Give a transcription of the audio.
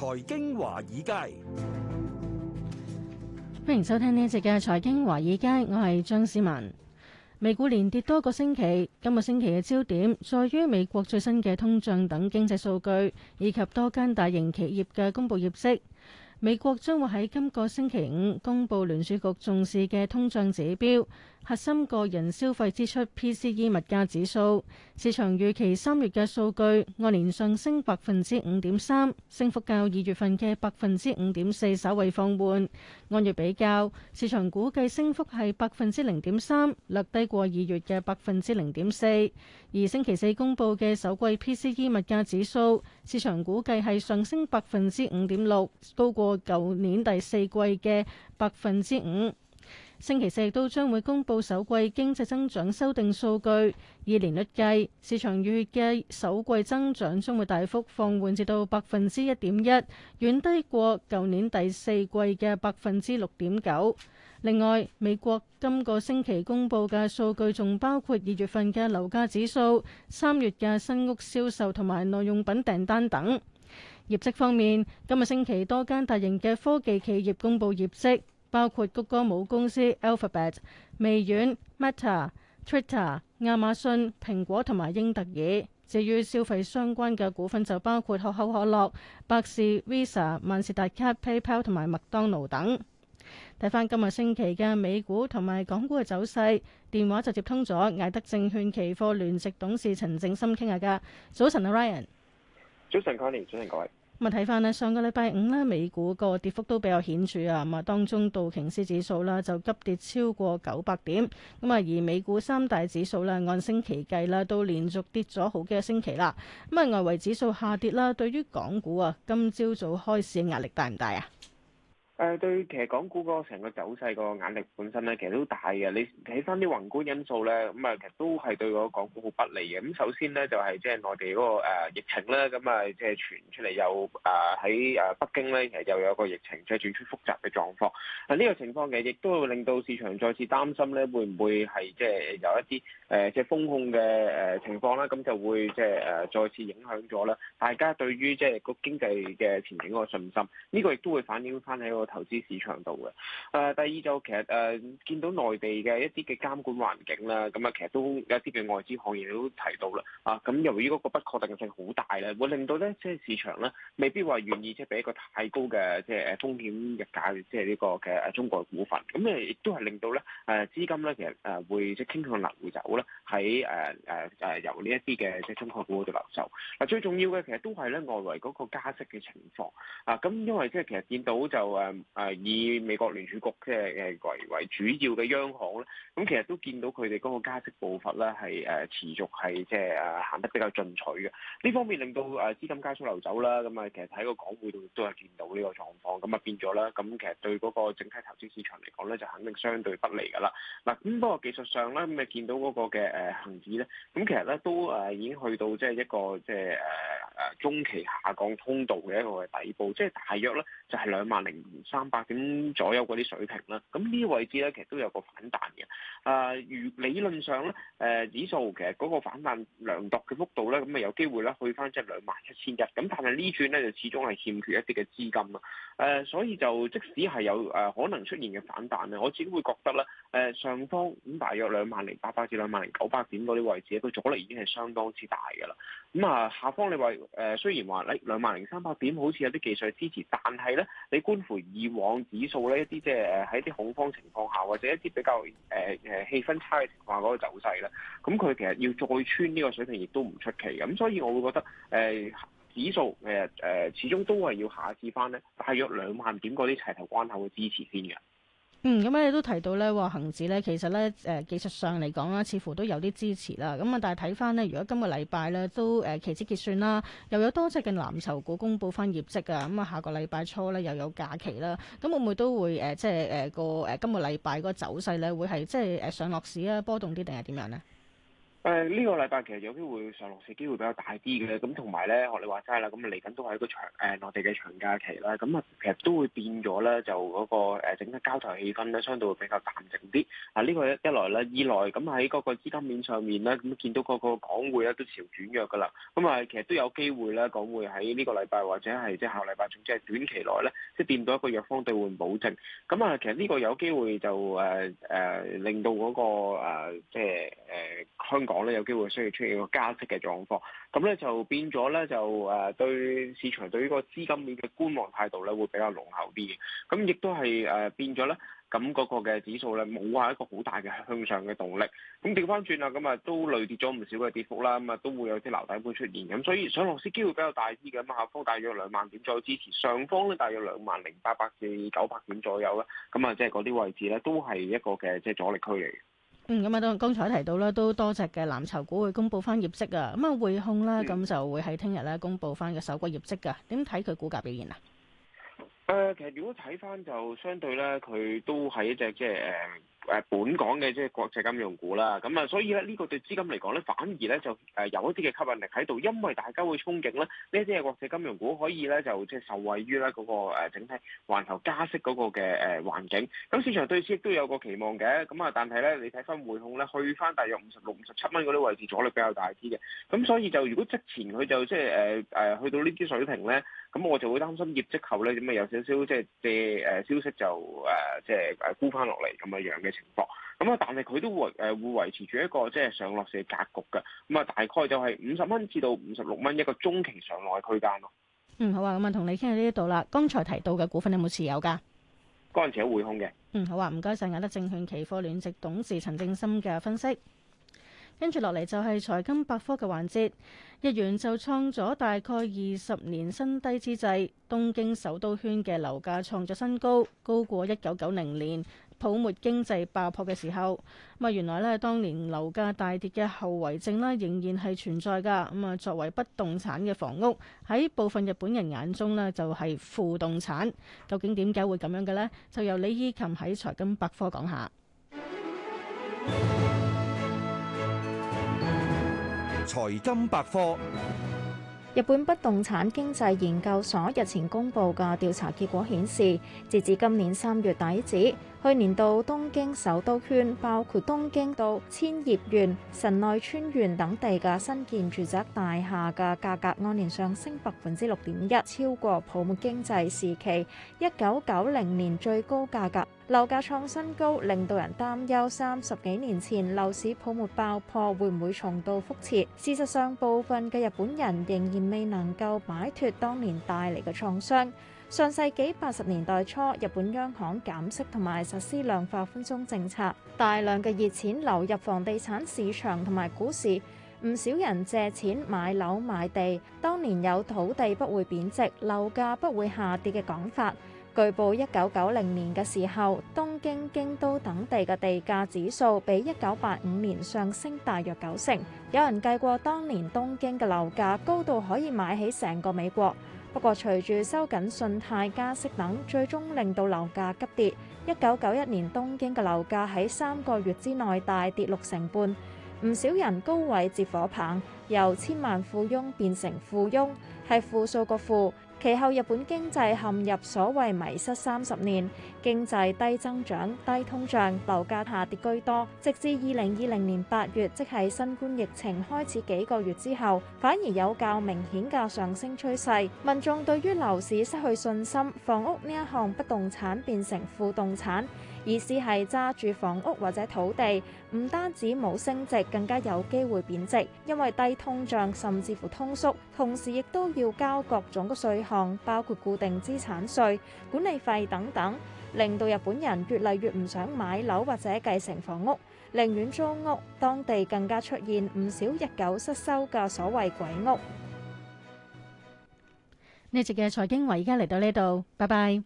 財經華爾街，歡迎收聽呢一節嘅財經華爾街，我係張思文。美股連跌多個星期，今個星期嘅焦點在於美國最新嘅通脹等經濟數據，以及多間大型企業嘅公布業績。美國將會喺今個星期五公布聯儲局重視嘅通脹指標。核心個人消費支出 p c e 物價指數，市場預期三月嘅數據按年上升百分之五點三，升幅較二月份嘅百分之五點四稍微放緩。按月比較，市場估計升幅係百分之零點三，略低過二月嘅百分之零點四。而星期四公佈嘅首季 p c e 物價指數，市場估計係上升百分之五點六，高過舊年第四季嘅百分之五。星期四亦都將會公布首季經濟增長修訂數據，以年率計，市場預計首季增長將會大幅放緩至到百分之一點一，遠低過舊年第四季嘅百分之六點九。另外，美國今個星期公布嘅數據仲包括二月份嘅樓價指數、三月嘅新屋銷售同埋耐用品訂單等。業績方面，今個星期多間大型嘅科技企業公布業績。包括谷歌母公司 Alphabet、微軟、Meta、Twitter、亞馬遜、蘋果同埋英特爾。至於消費相關嘅股份就包括可口可樂、百事、Visa、萬事達卡、PayPal 同埋麥當勞等。睇翻今日星期嘅美股同埋港股嘅走勢，電話就接通咗艾德證券期貨聯席董事陳正心傾下㗎。早晨啊，Ryan。早晨，Connie。早晨，各位。咁啊，睇翻咧，上個禮拜五咧，美股個跌幅都比較顯著啊。咁啊，當中道瓊斯指數啦，就急跌超過九百點。咁啊，而美股三大指數啦，按星期計啦，都連續跌咗好幾個星期啦。咁啊，外圍指數下跌啦，對於港股啊，今朝早早開市嘅壓力大唔大啊？誒對，其實港股個成個走勢個壓力本身咧，其實都大嘅。你睇翻啲宏觀因素咧，咁啊，其實都係對個港股好不利嘅。咁首先咧，就係即係內地嗰個疫情咧，咁啊，即係傳出嚟又誒喺誒北京咧，其實又有一個疫情，即係轉出複雜嘅狀況。啊，呢個情況嘅亦都會令到市場再次擔心咧，會唔會係即係有一啲誒即係風控嘅誒情況咧？咁就會即係誒再次影響咗咧，大家對於即係個經濟嘅前景個信心。呢個亦都會反映翻喺個投資市場度嘅，誒第二就其實誒、呃、見到內地嘅一啲嘅監管環境啦，咁啊其實都有一啲嘅外資行業都提到啦，啊咁由於嗰個不確定性好大咧，會令到咧即係市場咧未必話願意即係俾一個太高嘅即係誒風險嘅價，即係呢個嘅、誒、中國股份，咁誒亦都係令到咧誒、呃、資金咧其實誒會即係傾向流走啦，喺誒誒誒由呢一啲嘅即係中國股份度流走。嗱，最重要嘅其實都係咧外圍嗰個加息嘅情況，啊咁因為即、就、係、係、其實見到就誒。誒以美國聯儲局嘅嘅為為主要嘅央行咧，咁其實都見到佢哋嗰個加息步伐咧係誒持續係即係誒行得比較進取嘅。呢方面令到誒資金加速流走啦，咁啊其實喺個港匯度亦都係見到呢個狀況，咁啊變咗啦，咁其實對嗰個整體投資市場嚟講咧就肯定相對不利㗎啦。嗱，咁不過技術上咧，咁啊見到嗰個嘅誒恆指咧，咁、呃、其實咧都誒已經去到即係一個即係誒。呃誒、呃、中期下降通道嘅一個底部，即係大約咧就係兩萬零三百點左右嗰啲水平啦。咁呢個位置咧其實都有個反彈嘅。誒、呃、如理論上咧，誒、呃、指數其實嗰個反彈量度嘅幅度咧，咁咪有機會咧去返即係兩萬一千一。咁但係呢轉咧就始終係欠缺一啲嘅資金啦。誒、呃、所以就即使係有誒可能出現嘅反彈咧，我自己會覺得咧，誒、呃、上方咁、嗯、大約兩萬零八百至兩萬零九百點嗰啲位置，佢阻力已經係相當之大㗎啦。咁、嗯、啊、呃、下方你話？誒，雖然話咧兩萬零三百點好似有啲技術支持，但係咧你觀乎以往指數咧一啲即係誒喺啲恐慌情況下或者一啲比較誒誒，呃、氣氛差嘅情況下嗰個走勢咧，咁佢其實要再穿呢個水平亦都唔出奇嘅。咁所以我會覺得誒，呃、指數其實，呃、始終都係要下一次翻咧大約兩萬點嗰啲齊頭關口嘅支持先嘅。嗯，咁你都提到咧，話恒指咧其實咧，誒、呃、技術上嚟講啦，似乎都有啲支持啦。咁啊，但係睇翻呢，如果今個禮拜咧都誒、呃、期指結算啦，又有多隻嘅藍籌股公布翻業績啊。咁、嗯、啊，下個禮拜初咧又有假期啦。咁、嗯、會唔會都會誒、呃，即係誒個誒今個禮拜嗰個走勢咧，會係即係誒、呃、上落市啊，波動啲定係點樣呢？誒呢個禮拜其實有機會上落市機會比較大啲嘅，咁同埋咧學你話齋啦，咁嚟緊都係一個長誒內、呃、地嘅長假期啦，咁啊其實都會變咗咧，就嗰、那個整個交投氣氛咧，相對會比較淡靜啲。啊，呢個一,一來咧，二來咁喺嗰個資金面上面咧，咁見到個個港匯咧都潮轉弱噶啦，咁啊其實都有機會咧港匯喺呢個禮拜或者係即係下禮拜，總之係短期內咧，即係變到一個弱方兌換保證。咁啊，其實呢個有機會就誒誒、呃呃、令到嗰、那個、呃、即係誒、呃呃、香港。講咧有機會需要出現一個加息嘅狀況，咁咧就變咗咧就誒對市場對於個資金面嘅觀望態度咧會比較濃厚啲嘅，咁亦都係誒變咗咧咁嗰個嘅指數咧冇話一個好大嘅向上嘅動力，咁掉返轉啊，咁啊都累跌咗唔少嘅跌幅啦，咁啊都會有啲撈底盤出現，咁所以上落市機會比較大啲嘅，咁下方大約兩萬點左右支持，上方咧大約兩萬零八百至九百點左右咧，咁啊即係嗰啲位置咧都係一個嘅即係阻力區嚟。嗯，咁啊，當剛才提到咧，都多隻嘅藍籌股會公布翻業績啊，咁啊匯控咧，咁就會喺聽日咧公佈翻嘅首季業績噶，點睇佢股價表現啊？誒，其實如果睇翻就相對咧，佢都係一隻即係誒。誒，本港嘅即係國際金融股啦，咁啊，所以咧呢個對資金嚟講咧，反而咧就誒有一啲嘅吸引力喺度，因為大家會憧憬咧，呢啲嘅國際金融股可以咧就即係受惠於咧嗰個誒整體環球加息嗰個嘅誒環境。咁市場對此亦都有個期望嘅，咁啊，但係咧你睇翻匯控咧，去翻大約五十六、五十七蚊嗰啲位置阻力比較大啲嘅，咁所以就如果即前佢就即係誒誒去到呢啲水平咧。咁我就會擔心業績後咧，咁啊有少少即係借誒消息就誒即係誒沽翻落嚟咁嘅樣嘅情況。咁啊，但係佢都會誒會維持住一個即係上落市嘅格局嘅。咁、嗯、啊，大概就係五十蚊至到五十六蚊一個中期上落嘅區間咯。嗯，好啊。咁啊，同你傾到呢度啦。剛才提到嘅股份有冇持有噶？嗰時有匯控嘅。嗯，好啊。唔該晒。亞德證券期貨聯席董事陳正森嘅分析。跟住落嚟就係財金百科嘅環節，日元就創咗大概二十年新低之際，東京首都圈嘅樓價創咗新高，高過一九九零年泡沫經濟爆破嘅時候。咁啊，原來咧當年樓價大跌嘅後遺症咧仍然係存在㗎。咁啊，作為不動產嘅房屋喺部分日本人眼中咧就係負動產。究竟點解會咁樣嘅呢？就由李依琴喺財金百科講下。 財金百科。日本不動產經濟研究所日前公布嘅調查結果顯示，截至今年三月底止，去年度東京首都圈，包括東京都、千葉縣、神奈川縣等地嘅新建住宅大廈嘅價格按年上升百分之六點一，超過泡沫經濟時期一九九零年最高價格，樓價創新高，令到人擔憂三十幾年前樓市泡沫爆破會唔會重蹈覆轍？事實上，部分嘅日本人仍然未能夠擺脫當年帶嚟嘅創傷。上世紀八十年代初，日本央行減息同埋實施量化寬鬆政策，大量嘅熱錢流入房地產市場同埋股市，唔少人借錢買樓買地。當年有土地不會貶值、樓價不會下跌嘅講法。據報一九九零年嘅時候，東京、京都等地嘅地價指數比一九八五年上升大約九成，有人計過當年東京嘅樓價高到可以買起成個美國。不過，隨住收緊信貸、加息等，最終令到樓價急跌。一九九一年，東京嘅樓價喺三個月之內大跌六成半，唔少人高位接火棒，由千萬富翁變成富翁，係負數個負。其後，日本經濟陷入所謂迷失三十年，經濟低增長、低通脹、樓價下跌居多，直至二零二零年八月，即係新冠疫情開始幾個月之後，反而有較明顯嘅上升趨勢。民眾對於樓市失去信心，房屋呢一項不動產變成負動產。意思係揸住房屋或者土地，唔單止冇升值，更加有機會貶值，因為低通脹甚至乎通縮，同時亦都要交各種嘅稅項，包括固定資產稅、管理費等等，令到日本人越嚟越唔想買樓或者繼承房屋，寧願租屋。當地更加出現唔少日久失修嘅所謂鬼屋。呢集嘅財經圍，而家嚟到呢度，拜拜。